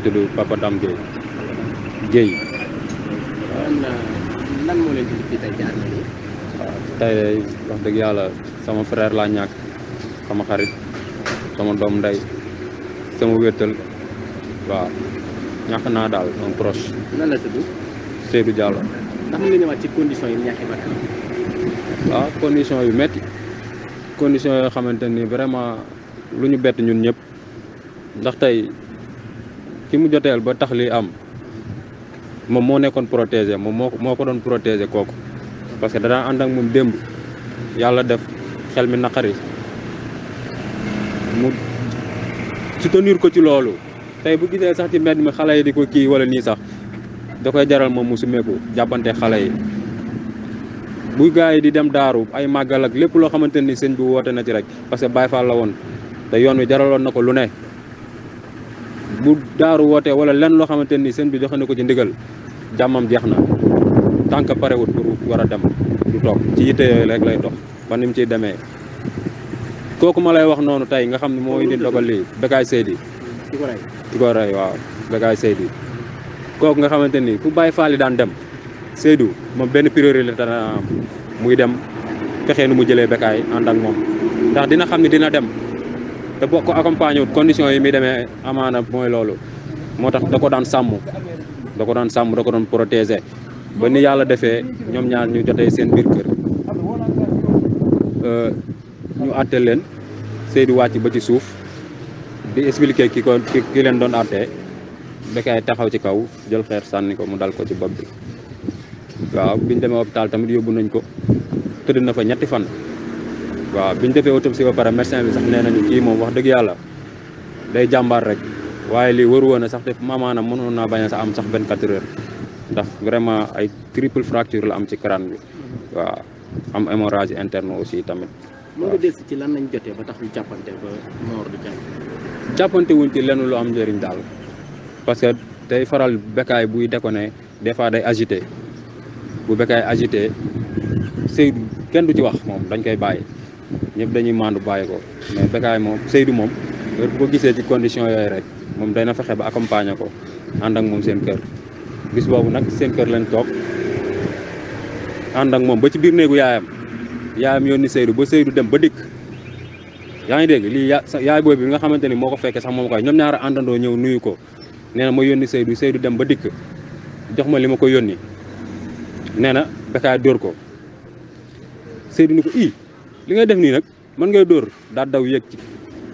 ngi Papa Dam Gueye Gueye lan moo leen indi fii tey ci armée bi waaw wax deug yalla sama frère la ñak sama xarit sama dom nday sama wëttal wa ñak na dal un proche nan la tuddu Seydou Diallo ndax mën nga ñëwaat ci condition yi ñàkkee bakkan wa condition yu metti condition yo xamanteni vraiment luñu bet ñun ñëpp ndax tay ki mu jotel ba tax li am mom mo proteja, protéger mom moko don protéger koku parce que na and ak mom demb yalla def xel mi nakari mu tenir ko ci lolu tay bu gisee sax ci mbedd mi xalé yi di ki wala ni sax da koy jaral mom musumeku sumeeku xalé yi bu gaay di dem daru ay magal ak lepp lo xamanteni ni sëñ bi woote na ci rek parce que bay fa la te yoon wi jaralon nako lu ne bu daaru wootee wala lenn loo xamante ni seen bi joxe na ko ci ndigal jàmmam jeex na tànk parewut pour war a dem du toog ci yitte rek lay dox ba ni mu ciy demee kooku ma lay wax noonu tey nga xam ni moo indi dogal lii Bécaye Seydi ki ko rey waaw Bécaye Seydi kooku nga xamante ni fu Baye Fall yi daan dem Seydou moom benn priorité dana am muy dem pexe nu mu jëlee Bécaye ànd ak moom ndax dina xam ne dina dem te boo ko accompagné wut yi muy demee amaana mooy loolu moo tax da ko daan sàmm da ko daan sàmm da doon protéger ba ni yàlla defee ñoom ñaar ñu jotee seen biir kër euh, ñu àtte leen Seydou wàcc ba ci suuf di expliquer ki ko ki leen doon àttee Bécaye taxaw ci kaw jël xeer sànni ko mu dal ko ci bopp bi waaw biñ demee hôpital tamit yóbbu nañ ko tëdd na fa ñetti fan waaw biñ defee autopsie ba pare médecin bi sax nee nañu kii moom wax dëgg yàlla day jàmbaar rek waaye lii wër woon sax def maamaanam mënoon naa bañ sax am sax 24 heures ndax vraiment ay triple fracture la am ci crâne bi waaw am hémorragie interne aussi tamit. mën nga des ci lan lañ jotee ba tax ñu jàppante ba mort di jàng. jàppante wuñ ci lenn lu am njëriñ daal parce que day faral bekkaay buy déconné des fois day agité bu bekkaay agité sëy kenn du ci wax moom dañ koy bàyyi. ñëpp dañuy maandu bàyyi ko mais Bécaye moom Seydou moom heure bu ko gisee ci condition yooyu rek moom dana fexe ba accompagner ko ànd ak moom seen kër bis boobu nag seen kër lañ toog ànd ak moom ba ci biir néegu yaayam yaayam yónni Seydou ba Seydou dem ba dikk yaa ngi dégg lii yaay booy bi nga xamante ni moo ko fekkee sax moom koy ñoom ñaar àndandoo ñëw nuyu ko nee na ma yónni Seydou Seydou dem ba dikk jox ma li ma ko yónni nee na Bécaye dóor ko Seydou ni ko li ngay def nii nak man ngay dor da daw yek ci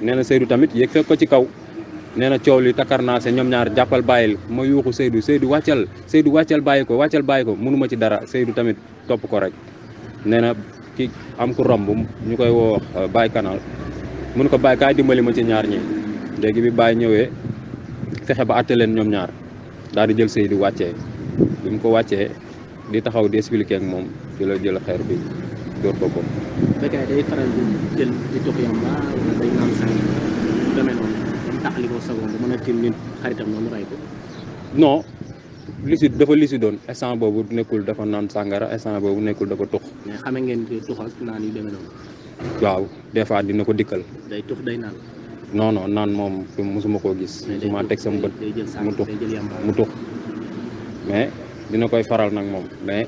neena Seydou tamit yek fekk ko ci kaw neena na coow li takkar se ñom ñaar jappal bayil ma yuuxu Seydou Seydou waccal Seydou waccal bayiko ko bayiko munuma ci dara Seydou tamit top ko rek neena ki am ku rombu ñukoy wo euh, bay Canal mun ko Baye kaay dimbali ma ci ñaar ñi léegi bi bay ñewé fexé ba atté len ñom ñaar daal di jël Seydou waccé bimu ko waccé di taxaw di expliquer ak mom ci la jël xair bi dóor boppam. bu fekkee day faral di jël di tox yamba li si dafa li doon instant boobu nekkul dafa naan sàngara instant boobu nekkul dafa tux. mais xame ngeen tux ak naan yu demee waaw des fois dina ko dikkal. day tux day naan. non non naan moom mosuma koo gis. mosuma teg sama bët mu tux mu tux mais dina koy faral nag moom mais.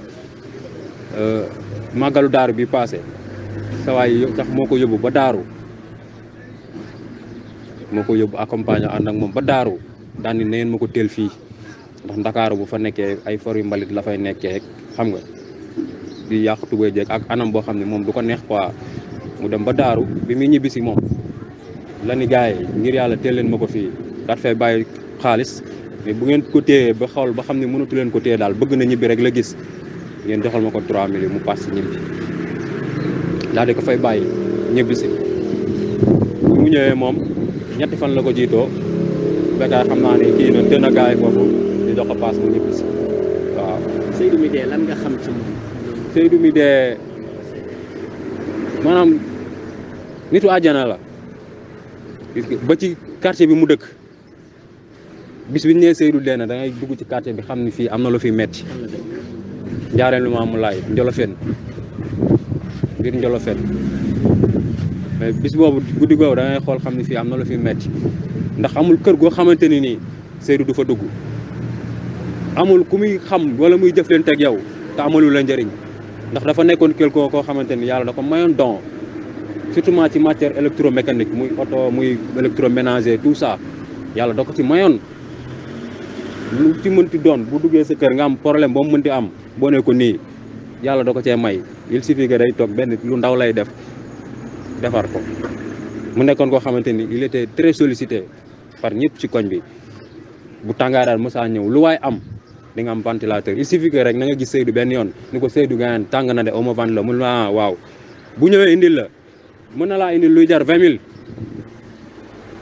Euh, màggalu daaru bi paase sawaay sax moo ko yóbbu ba daaru moo ko yóbbu accompagner ànd ak moom ba daaru daan ni ma ko teel fii ndax ndakaaru bu fa nekkee ay for yu mbalit la fay nekkee xam nga di yàq tubay jeeg ak anam boo xam ne moom du ko neex quoi mu dem ba daaru bi muy ñibbi si moom la ni gars yi ngir yàlla teel leen ma ko fii daat fay bàyyi xaalis mais bu ngeen ko téyee ba xawl ba xam ne mënatu leen ko téye daal bëgg na ñibbi rek la gis ngeen defal ma ko 3 millions mu paas si ñibbi daal ko fay bàyyi ñibbisi mu ñëwee moom ñetti fan la ko jiitoo bekkaay xam naa ne kii na tën a gaay foofu di dox a paas mu ñibbi waaw. Seydou Midé lan nga xam ci moom. àjjana la ba ci quartier bi mu dëkk bis bi ñu nee Seydou dee na da dugg ci quartier bi xam ni fii am na lu fi metti njaareen lu maamu laay njolofeen ngir njolofeen mais bis boobu guddi googu da ngay xool xam ne fii am na lu fi metti ndax amul kër goo xamante ni nii Seydou du fa dugg amul ku muy xam wala muy jëf leen teg yow te amalu la njariñ ndax dafa nekkoon quelque koo xamante ni yàlla da ko mayoon don surtout ci matière électromécanique muy oto muy électroménager tout ça yàlla da ko ci mayoon lu ci mënti doon bu duggé sa kër nga am problème boo mënti am boo ne ko ni yalla da ko cee may il suffit que day toog benn lu ndaw lay def defar ko mu nekkoon ko xamanteni il était très sollicité par ñepp ci koñ bi bu tàngaaraan mësaa ñew lu way am di nga am ventilateur il suffit que rek na nga gis Seydou ben yoon ni ko Seydou Gayane tang na de mo van la mu la ah, waw bu ñëwee indi la mu na la indi lu jar 20000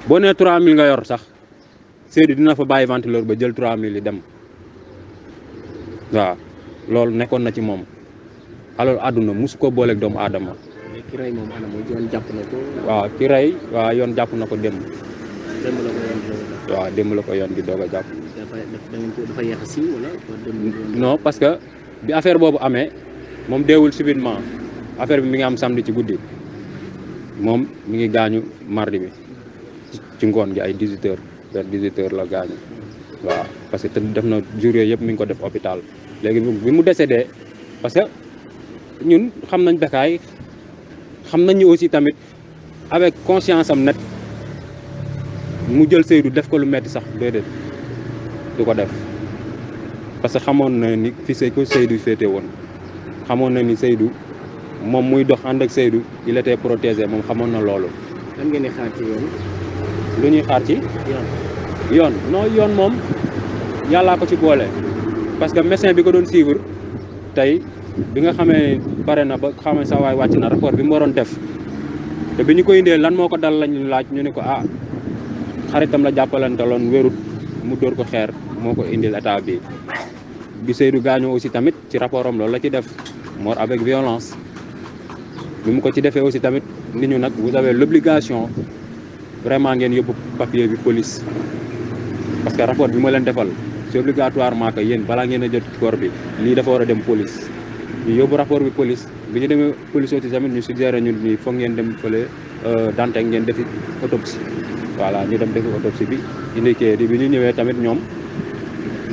bo né 3000 nga yor sax Seydou dina fa bàyyi ventoleur ba jël 3000 yi dem waaw loolu nekkoon na ci moom alors àdduna musu ko booleeg doomu aadama. ki rey moom ana mooy jàpp na ko. waaw ki rey waaw yoon jàpp na ko démb. démb la ko yoon di doog a jàpp. waaw démb la ko yoon di doog jàpp. dafa parce que bi affaire boobu amee moom deewul subitement affaire bi mi ngi am samedi ci guddi moom mi ngi gaañu mardi bi ci ngoon gi ay 18 vers 18 heures waaw parce que te def na jour yooyu yëpp mi ngi ko def hôpital léegi bi mu desee décédé parce que ñun xam nañ Bécaye xam nañu aussi tamit avec conscience am net mu jël Seydou def ko lu metti sax déedéet du ko def parce que xamoon na ni fi se ko Seydou féete woon xamoon na ni Seydou moom muy dox ànd ak Seydou il était protégé moom xamoon na loolu. lan ngeen di ci yoon. lu ñuy xaar ci yoon non yoon moom yàllaa ko ci boole parce que médecin bi ko doon suivre tey bi nga xamee pare na ba xamee sa waay wàcc na rapport bi mu waroon def te bi ñu ko indee lan moo ko dal lañu laaj ñu ne ko ah xaritam la jàppalante loon wérut mu dóor ko xeer moo ko indil état bi bi Seydou gaañoo aussi tamit ci rapport am loolu la ci def mort avec violence bi mu ko ci defee aussi tamit ni ñu nag vous avez l'obligation vraiment ngeen yobbu papier bi police parce que rapport bi mo leen defal c'est obligatoirement que yeen bala ngeen a jot corps bi li dafa wara dem police ñu yobbu rapport bi police bi ñu demee police aussi tamit ñu suggéré ñu ni fo ngeen dem feulé euh dante ngeen def autopsie voilà ñu dem def autopsie bi indi kayit yi bi ñu ñëwé tamit ñom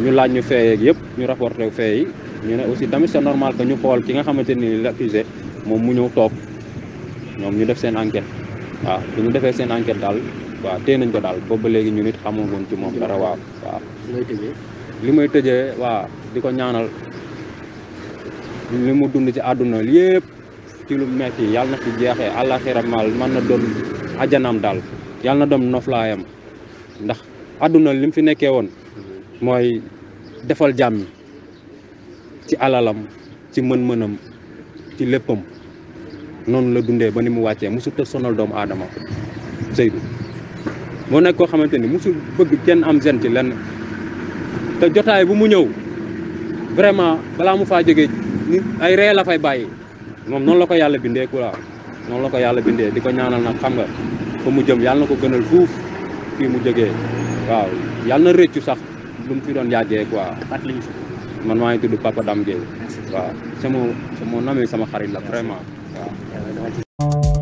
ñu laaj ñu ak yépp ñu rapporté fee yi ñu né aussi tamit c'est normal que ñu xol ki nga xamanteni l'accusé mom mu ñëw top ñom ñu def sen enquête waaw bu ñu defee seen enquête daal waaw téye nañ ko daal boobu ba léegi ñu nit xamaguñ ci moom dara waaw waaw li may tëjee waa di ko ñaanal li mu dund ci àdduna yëpp ci lu metti yàlla na fi jeexee àllaaxira maal mën na doon ajanaam daal yàlla na doon noflaayam ndax àdduna li mu fi nekkee woon mooy defal jàmm ci alalam ci mën-mënam ci léppam noonu la dundee ba ni mu wàccee mosut a sonal doomu aadama Seydou moo nekk koo xamante ni mosul bëgg kenn am gene ci lenn te jotaay bu mu ñëw vraiment balaa mu faa jógee ay ree la fay bàyyi moom noonu la ko yàlla bindee quoi noonu la ko yàlla bindee di ko ñaanal nag xam nga fa mu jëm yàlla na ko gënal fuuf fii mu jógee waaw yàlla na rëccu sax lu mu fi doon yàggee quoi. man maa ngi tudd Papa Dame Gueye waaw sama sama namee sama xarit la vraiment. 啊，两个东